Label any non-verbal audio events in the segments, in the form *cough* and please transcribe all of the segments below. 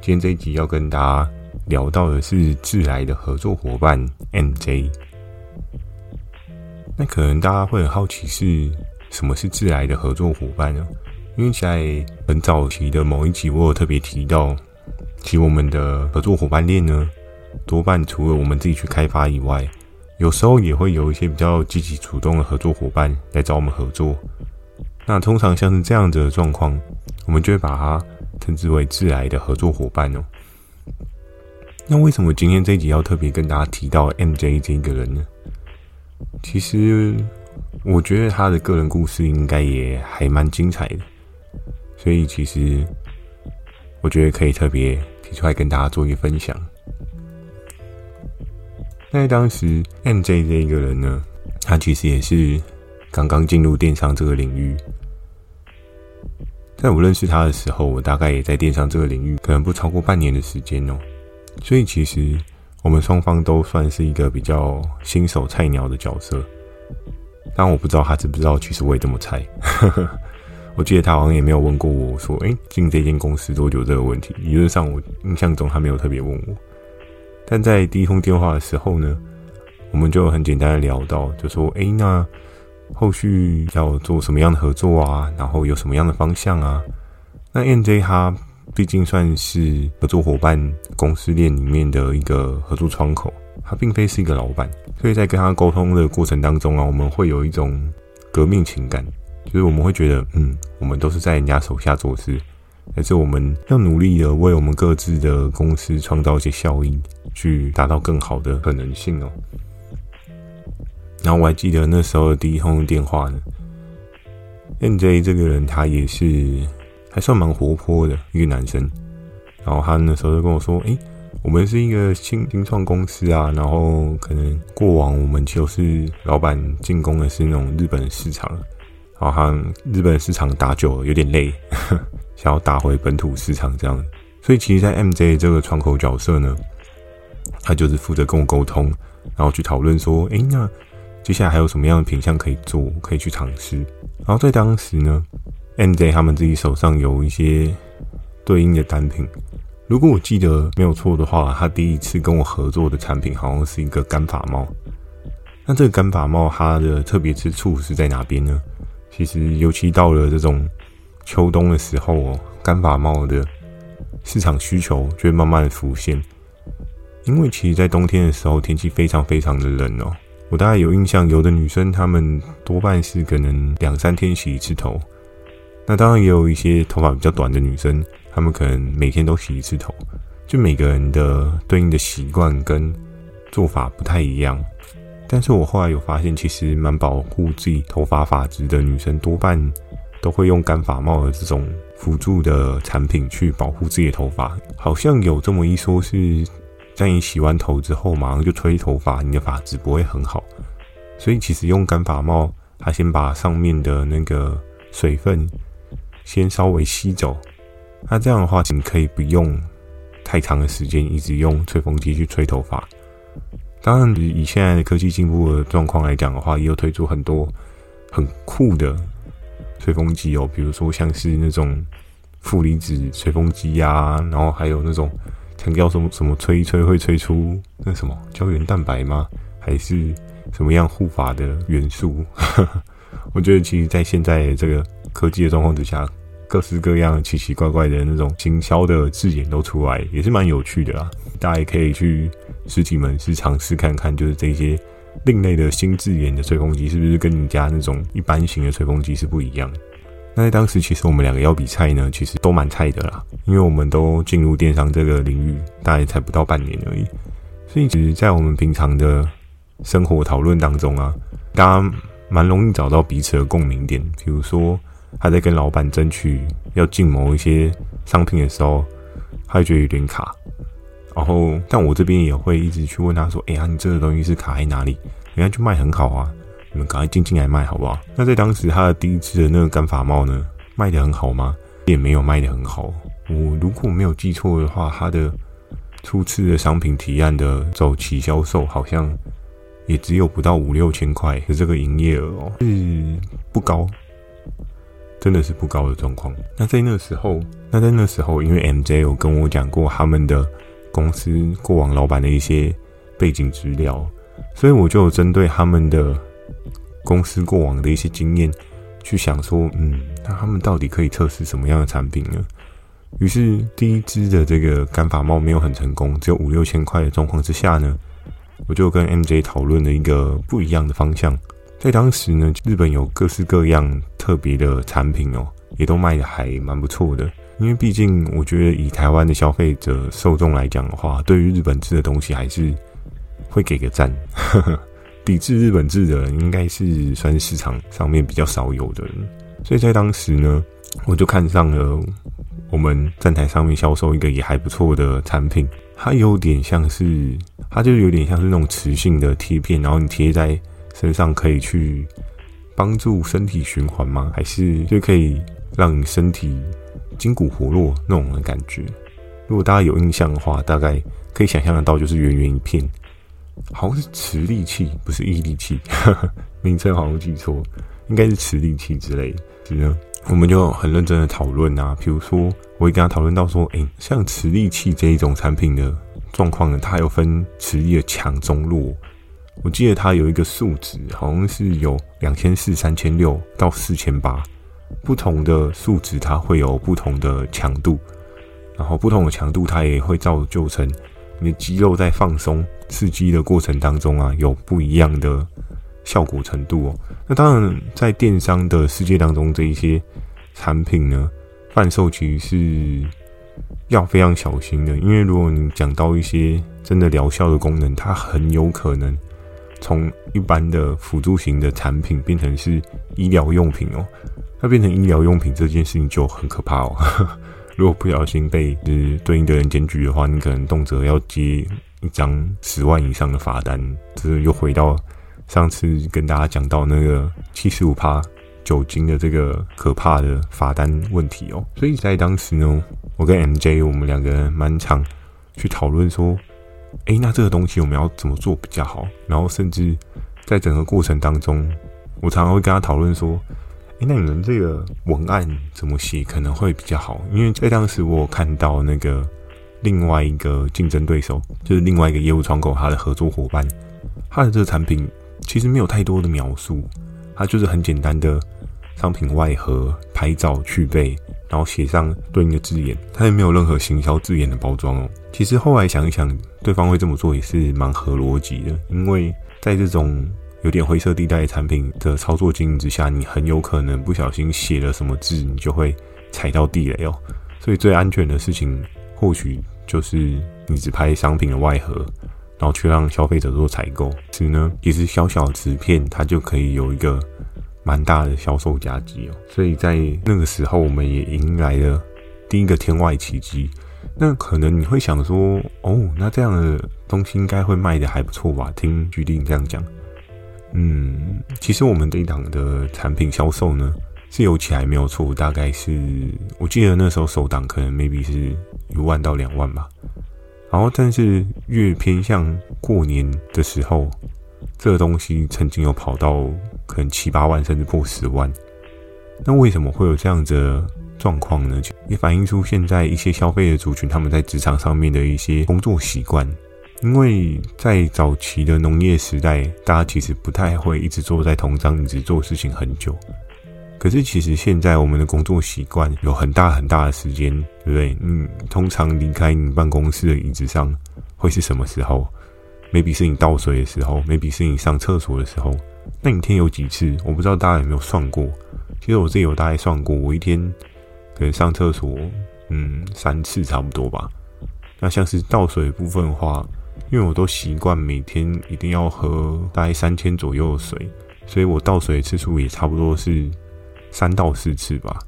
今天這一集要跟大家聊到的是自來的合作夥伴 MJ。那可能大家會很好奇是什麼是自來的合作夥伴呢、啊？因為現在很早期的某一集，我有特別提到，其實我們的合作夥伴鏈呢，多半除了我們自己去開發以外，有時候也會有一些比較積極主動的合作夥伴來找我們合作。那通常像是這樣子的狀況，我們就會把它稱之為自來的合作夥伴哦。那為什麼今天這一集要特別跟大家提到 MJ 這一個人呢？其實我覺得他的個人故事應該也還蠻精彩的，所以其實我覺得可以特別提出來跟大家做一個分享。那在當時，MJ 這一個人呢，他其實也是剛剛進入電商這個領域。在我認識他的時候，我大概也在電商這個領域，可能不超過半年的時間哦、喔。所以其實我們雙方都算是一個比較新手菜鳥的角色。但我不知道他知不知道，其實我也這麼菜 *laughs* 我記得他好像也沒有問過我說：“誒、欸，進這間公司多久？”這個問題，理論上我印象中他沒有特別問我。但在第一通電話的時候呢，我們就很簡單的聊到，就說：“誒、欸，那……”後續要做什麼樣的合作啊？然後有什麼樣的方向啊？那 MJ 他畢竟算是合作夥伴公司鏈裡面的一個合作窗口，他並非是一個老闆，所以在跟他溝通的過程當中啊，我們會有一種革命情感，就是我們會覺得，嗯，我們都是在人家手下做事，但是我們要努力的為我們各自的公司創造一些效應，去達到更好的可能性哦。然後我還記得那時候的第一通電話呢，MJ 這個人他也是還算蠻活潑的一個男生，然後他那時候就跟我說：“哎，我們是一個新創公司啊，然後可能過往我們就是老闆進攻的是那種日本市場，然後他日本市場打久了有點累呵呵，想要打回本土市場這樣。所以其實，在 MJ 這個窗口角色呢，他就是負責跟我溝通，然後去討論說：哎，那。”接下來還有什麼樣的品相可以做，可以去嘗試。然後在當時呢，MJ 他們自己手上有一些對應的單品。如果我記得沒有錯的話，他第一次跟我合作的產品好像是一個乾髮帽。那這個乾髮帽它的特別之處是在哪邊呢？其實，尤其到了這種秋冬的時候哦，乾髮帽的市場需求就會慢慢的浮現。因為其實，在冬天的時候，天氣非常非常的冷哦。我大概有印象，有的女生她們多半是可能兩三天洗一次頭，那當然也有一些頭髮比較短的女生，她們可能每天都洗一次頭，就每個人的對應的習慣跟做法不太一樣。但是我後來有發現，其實蠻保護自己頭髮髮質的女生，多半都會用乾髮帽的這種輔助的產品去保護自己的頭髮，好像有這麼一說是。在你洗完頭之後，馬上就吹頭髮，你的髮質不會很好。所以其實用乾髮帽，它先把上面的那個水分先稍微吸走，那這樣的話，你可以不用太長的時間一直用吹風機去吹頭髮。當然，以現在的科技進步的狀況來講的話，也有推出很多很酷的吹風機哦，比如說像是那種負離子吹風機呀、啊，然後還有那種。強調什麼什麼吹一吹會吹出那什麼膠原蛋白嗎？還是什麼樣護髮的元素？哈哈，我覺得其實，在現在這個科技的狀況之下，各式各樣奇奇怪怪的那種行銷的字眼都出來，也是蠻有趣的啦。大家也可以去實體門市嘗試看看，就是這些另類的新字眼的吹風機，是不是跟你家那種一般型的吹風機是不一樣的？那在當時，其實我們兩個要比菜呢，其實都蠻菜的啦。因為我們都進入電商這個領域，大概才不到半年而已。所以，其實在我們平常的生活討論當中啊，大家蠻容易找到彼此的共鳴點。比如說，他在跟老闆爭取要進某一些商品的時候，他就覺得有點卡。然後，但我這邊也會一直去問他說：“哎呀、啊，你這個東西是卡在哪裡？人家去賣很好啊。”你們趕快進進來賣好不好？那在當時，他的第一次的那個乾髮帽呢，賣得很好嗎？也沒有賣得很好。我如果沒有記錯的話，他的初次的商品提案的早期銷售，好像也只有不到五六千塊的這個營業額哦，是不高，真的是不高的狀況。那在那個時候，那在那時候，因為 MJ 有跟我講過他們的公司過往老板的一些背景資料，所以我就針對他們的，公司過往的一些經驗，去想說，嗯，那他們到底可以測試什麼樣的產品呢？於是第一支的這個乾髮帽沒有很成功，只有五六千塊的狀況之下呢，我就跟 MJ 討論了一個不一樣的方向。在當時呢，日本有各式各樣特別的產品哦，也都賣的還蠻不錯的。因為畢竟我覺得以台灣的消費者受眾來講的話，對於日本製的東西還是會給個讚。 *laughs* 抵製日本製的應該是算是市場上面比較少有的，所以在當時呢，我就看上了我們站台上面銷售一個也還不錯的產品，它有點像是，它就有點像是那種磁性的貼片，然後你貼在身上可以去幫助身體循環嗎？還是就可以讓你身體筋骨活絡那種的感覺？如果大家有印象的話，大概可以想象的到，就是圓圓一片。好像是磁力器，不是毅力器，呵呵，名稱好像記錯，應該是磁力器之類的。是啊，我們就很認真的討論啊，比如說，我會跟他討論到說，誒、欸，像磁力器這一種產品的狀況呢，它有分磁力的強、中、弱。我記得它有一個數值，好像是有兩千四、三千六到四千八，不同的數值它會有不同的強度，然後不同的強度它也會造就成你的肌肉在放鬆。刺激的過程當中啊，有不一樣的效果程度哦。那當然，在電商的世界當中，這一些產品呢，販售其實是要非常小心的，因為如果你講到一些真的療效的功能，它很有可能從一般的輔助型的產品變成是醫療用品哦。那變成醫療用品這件事情就很可怕哦。 *laughs* 如果不小心被、就是、對應的人檢舉的話，你可能動輒要接。一張十萬以上的罰單，這、就是又回到上次跟大家講到那個七十五趴酒精的這個可怕的罰單問題哦。所以在當時呢，我跟 MJ 我們兩個人蠻常去討論說：“誒、欸，那這個東西我們要怎麼做比較好？”然後甚至在整個過程當中，我常常會跟他討論說：“誒、欸，那你們這個文案怎麼寫可能會比較好？”因為在當時我有看到那個。另外一個競爭對手就是另外一個業務窗口，他的合作夥伴，他的這個產品其實沒有太多的描述，它就是很簡單的商品外盒拍照去背，然後寫上對應的字眼，它也沒有任何行銷字眼的包裝哦。其實後來想一想，對方會這麼做也是蠻合邏輯的，因為在這種有點灰色地帶的產品的操作經營之下，你很有可能不小心寫了什麼字，你就會踩到地雷哦。所以最安全的事情，或許。就是你只拍商品的外盒，然後去讓消費者做採購。其實呢，其實小小紙片它就可以有一個蠻大的銷售價值哦、喔。所以在那個時候，我們也迎來了第一個天外奇蹟。那可能你會想說，哦，那這樣的東西應該會賣得還不錯吧？聽決定這樣講，嗯，其實我們這一檔的產品銷售呢，是有起來沒有錯，大概是我記得那時候首檔可能 maybe 是。一萬到兩萬吧，然後但是越偏向過年的時候，這個東西曾經有跑到可能七八萬甚至破十萬。那為什麼會有這樣的狀況呢？也反映出現在一些消費的族群他們在職場上面的一些工作習慣。因為在早期的農業時代，大家其實不太會一直坐在同張椅子做事情很久。可是，其實現在我們的工作習慣有很大很大的時間，對不對？嗯，通常離開你辦公室的椅子上會是什麼時候？maybe 是你倒水的時候，maybe 是你上廁所的時候。那一天有幾次？我不知道大家有沒有算過。其實我自己有大概算過，我一天可能上廁所，嗯，三次差不多吧。那像是倒水的部分的話，因為我都習慣每天一定要喝大概三千左右的水，所以我倒水的次數也差不多是。三到四次吧，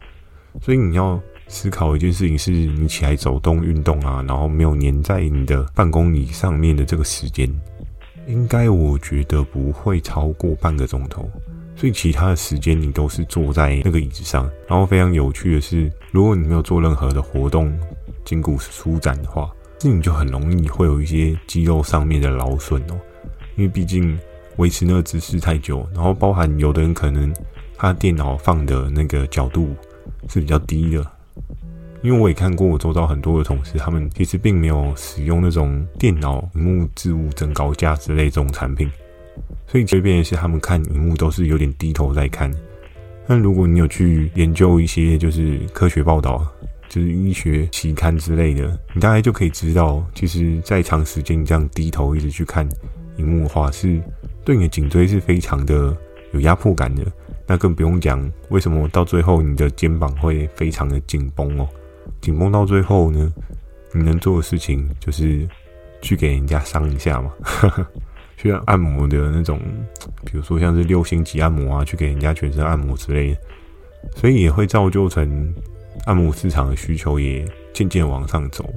所以你要思考一件事情，是你起來走動、運動啊，然後沒有黏在你的辦公椅上面的這個時間，應該我覺得不會超過半個鐘頭。所以其他的時間你都是坐在那個椅子上。然後非常有趣的是，如果你沒有做任何的活動、筋骨舒展的話，那你就很容易會有一些肌肉上面的勞損哦。因為畢竟維持那個姿勢太久，然後包含有的人可能。他電腦放的那個角度是比較低的，因為我也看過我周遭很多的同事，他們其實並沒有使用那種電腦熒幕置物增高架之類這種產品，所以這邊是他們看熒幕都是有點低頭在看。但如果你有去研究一些就是科學報道就是醫學期刊之類的，你大概就可以知道，其實在長時間這樣低頭一直去看熒幕的話，是對你的頸椎是非常的有壓迫感的。那更不用講，為什麼到最後你的肩膀會非常的緊繃哦？緊繃到最後呢，你能做的事情就是去給人家傷一下嘛，去按，按摩的那種，比如說像是六星級按摩啊，去給人家全身按摩之類的，所以也會造就成按摩市場的需求也漸漸往上走。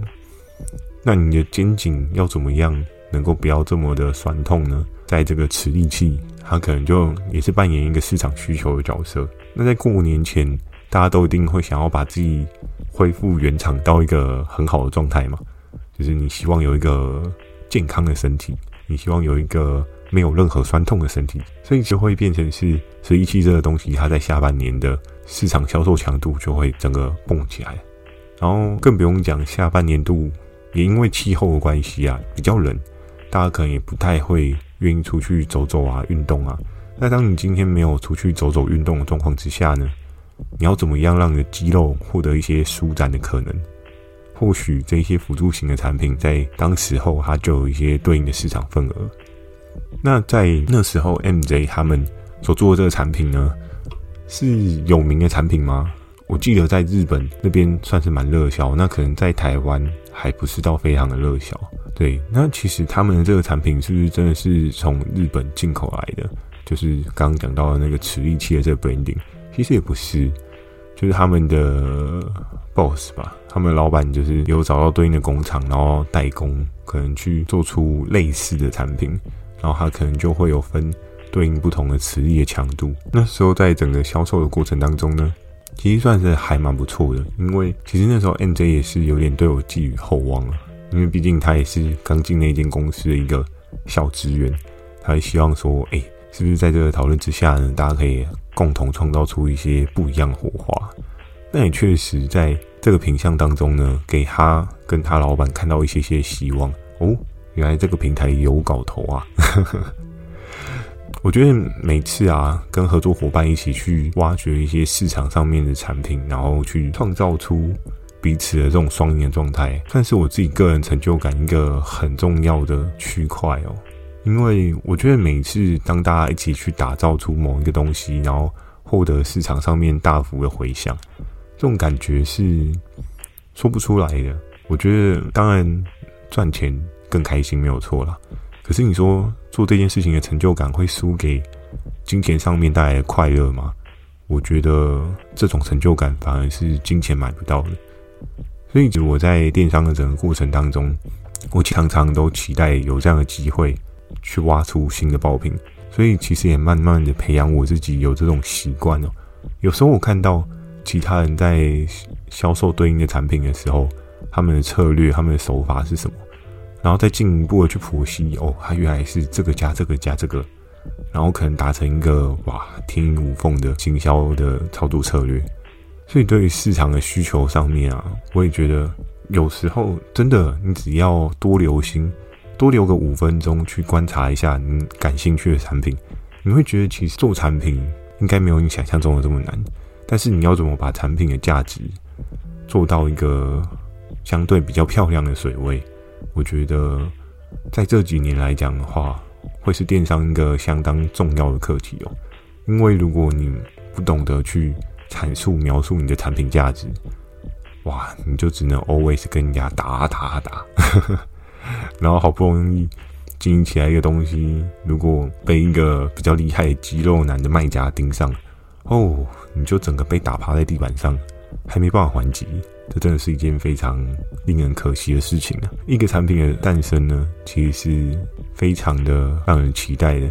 那你的肩頸要怎麼樣能夠不要這麼的痠痛呢？在這個磁力器。他可能就也是扮演一個市場需求的角色。那在過年前，大家都一定會想要把自己恢復原廠到一個很好的狀態嘛。就是你希望有一個健康的身體，你希望有一個沒有任何痠痛的身體，所以就會變成是，所以氣這個東西，它在下半年的市場銷售強度就會整個蹦起來。然後更不用講，下半年度也因為氣候的關係啊，比較冷，大家可能也不太會。願意出去走走啊，運動啊。那當你今天沒有出去走走、運動的狀況之下呢，你要怎麼樣讓你的肌肉獲得一些舒展的可能？或許這些輔助型的產品在當時候，它就有一些對應的市場份額。那在那時候，MJ 他們所做的這個產品呢，是有名的產品嗎？我記得在日本那邊算是蠻熱銷，那可能在台灣還不是到非常的熱銷。對，那其實他們的這個產品是不是真的是從日本進口來的？就是剛剛講到的那個磁力器的這個 branding，其實也不是，就是他們的 boss 吧，他們的老闆就是有找到對應的工廠，然後代工，可能去做出類似的產品，然後他可能就會有分對應不同的磁力的強度。那時候在整個銷售的過程當中呢，其實算是還蠻不錯的，因為其實那時候 MJ 也是有點對我寄予厚望了。因為畢竟他也是剛進那間公司的一個小職員，他也希望說，誒、欸，是不是在這個討論之下呢，大家可以共同創造出一些不一樣的火花？那也確實在這個品項當中呢，給他跟他老闆看到一些些希望哦，原來這個平台有搞頭啊！ *laughs* 我覺得每次啊，跟合作夥伴一起去挖掘一些市場上面的產品，然後去創造出。彼此的這種雙贏的狀態，算是我自己個人成就感一個很重要的區塊哦。因為我覺得每一次當大家一起去打造出某一個東西，然後獲得市場上面大幅的回響，這種感覺是說不出來的。我覺得當然賺錢更開心沒有錯啦。可是你說做這件事情的成就感會輸給金錢上面帶來的快樂嗎？我覺得這種成就感反而是金錢買不到的。所以，我在電商的整個過程當中，我常常都期待有這樣的機會去挖出新的爆品。所以，其實也慢慢的培養我自己有這種習慣哦。有時候我看到其他人在銷售對應的產品的時候，他們的策略、他們的手法是什麼？然後再進一步的去剖析哦，他原來是這個加這個加這個，然後可能達成一個哇，天衣無縫的經銷的操作策略。所以，對於市場的需求上面啊，我也覺得有時候真的，你只要多留心，多留個五分鐘去觀察一下你感興趣的產品，你會覺得其實做產品應該沒有你想象中的這麼難。但是，你要怎麼把產品的價值做到一個相對比較漂亮的水位？我覺得在這幾年來講的話，會是電商一個相當重要的課題哦。因為如果你不懂得去，闡述描述你的產品價值，哇，你就只能 always 跟人家打啊打啊打，呵呵，然後好不容易經營起來一個東西，如果被一個比較厲害的肌肉男的賣家盯上，哦，你就整個被打趴在地板上，還沒辦法還擊，這真的是一件非常令人可惜的事情啊！一個產品的誕生呢，其實是非常的讓人期待的。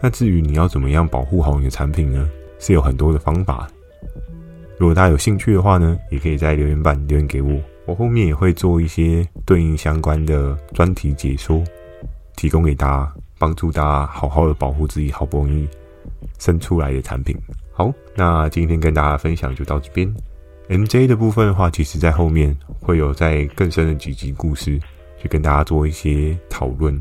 那至於你要怎麼樣保護好你的產品呢？是有很多的方法。如果大家有興趣的話呢，也可以在留言板留言給我，我後面也會做一些對應相關的專題解說，提供給大家，幫助大家好好的保護自己好不容易生出來的產品。好，那今天跟大家分享就到這邊。MJ 的部分的話，其實在後面會有在更深的幾集故事，去跟大家做一些討論，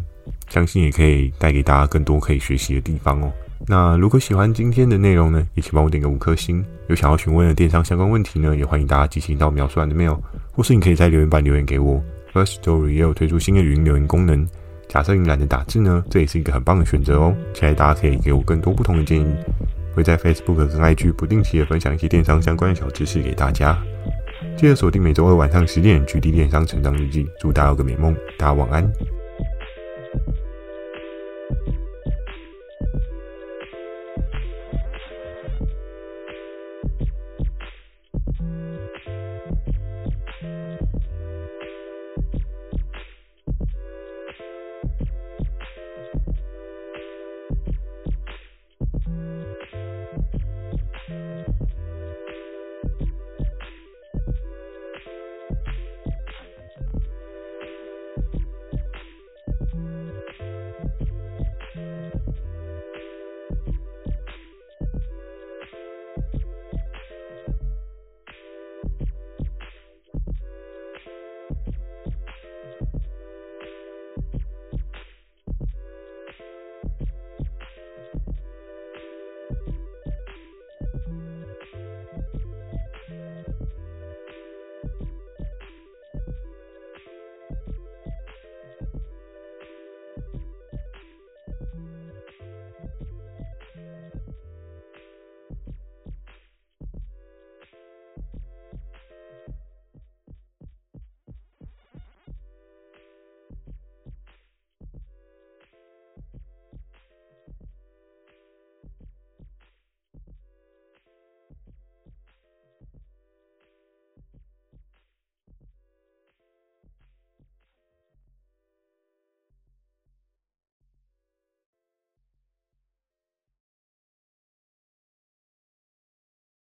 相信也可以帶給大家更多可以學習的地方哦。那如果喜歡今天的內容呢，也請幫我點個五顆星。有想要詢問的電商相關問題呢，也歡迎大家即行到描述欄的 Mail，或是你可以在留言板留言給我。First Story 也有推出新的語音留言功能，假設你懶得打字呢，這也是一個很棒的選擇哦。期待大家可以給我更多不同的建議，會在 Facebook 跟 IG 不定期的分享一些電商相關的小知識給大家。記得鎖定每週二晚上十點，GD 電商成長日記，祝大家有個美夢，大家晚安。